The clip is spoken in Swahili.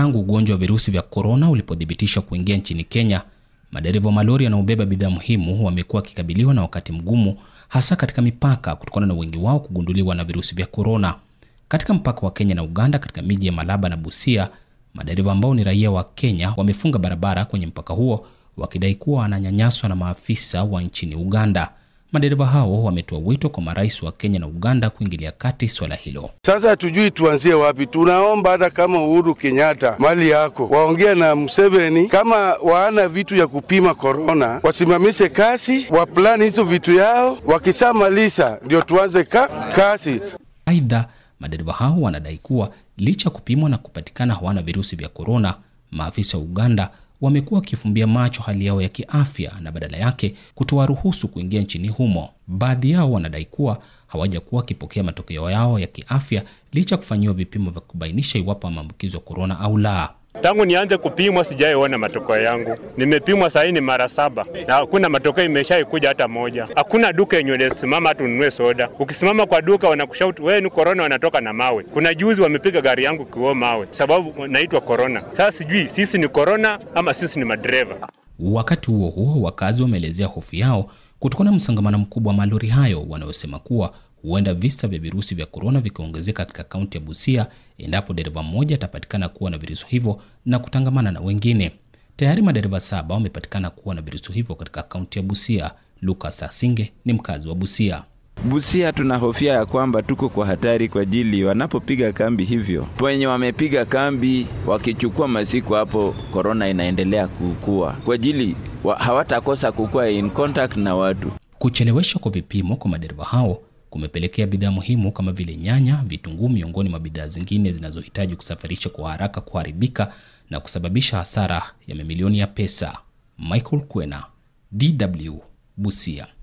tangu ugonjwa wa virusi vya korona ulipothibitishwa kuingia nchini Kenya, madereva wa malori yanaobeba bidhaa muhimu wamekuwa wakikabiliwa na wakati mgumu, hasa katika mipaka, kutokana na wengi wao kugunduliwa na virusi vya korona. Katika mpaka wa Kenya na Uganda, katika miji ya Malaba na Busia, madereva ambao ni raia wa Kenya wamefunga barabara kwenye mpaka huo wakidai kuwa wananyanyaswa na maafisa wa nchini Uganda. Madereva hao wametoa wito kwa marais wa Kenya na Uganda kuingilia kati swala hilo. Sasa hatujui tuanzie wapi. Tunaomba hata kama Uhuru Kenyatta mali yako waongea na Museveni, kama waana vitu ya kupima korona, wasimamishe kasi, waplani hizo vitu yao, wakisamaliza ndio tuanze ka, kasi. Aidha, madereva hao wanadai kuwa licha kupimwa na kupatikana hawana virusi vya korona, maafisa wa Uganda wamekuwa wakifumbia macho hali yao ya kiafya na badala yake kutowaruhusu kuingia nchini humo. Baadhi yao wanadai kuwa hawajakuwa wakipokea matokeo yao ya kiafya licha ya kufanyiwa vipimo vya kubainisha iwapo maambukizo ya korona au la. Tangu nianze kupimwa sijaiona matokeo yangu. Nimepimwa sahii ni mara saba na hakuna matokeo imeshaikuja hata moja. Hakuna duka yenye unasimama hata ununue soda. Ukisimama kwa duka wanakushauti wewe ni korona, wanatoka na mawe. Kuna juzi wamepiga gari yangu kioo mawe sababu naitwa korona. Sasa sijui sisi ni korona ama sisi ni madereva. Wakati huo huo, wakazi wameelezea hofu yao kutokana na msongamano mkubwa wa malori hayo, wanaosema kuwa Huenda visa vya virusi vya korona vikaongezeka katika kaunti ya Busia endapo dereva mmoja atapatikana kuwa na virusi hivyo na kutangamana na wengine. Tayari madereva saba wamepatikana kuwa na virusi hivyo katika kaunti ya Busia. Lucas Asinge ni mkazi wa Busia. Busia tunahofia ya kwamba tuko kwa hatari kwa ajili wanapopiga kambi hivyo, wenye wamepiga kambi wakichukua masiku hapo, korona inaendelea kukua kwa ajili hawatakosa kukua in contact na watu. Kucheleweshwa kwa vipimo kwa madereva hao kumepelekea bidhaa muhimu kama vile nyanya, vitunguu, miongoni mwa bidhaa zingine zinazohitaji kusafirisha kwa haraka kuharibika na kusababisha hasara ya mamilioni ya pesa. Michael Kwena, DW, Busia.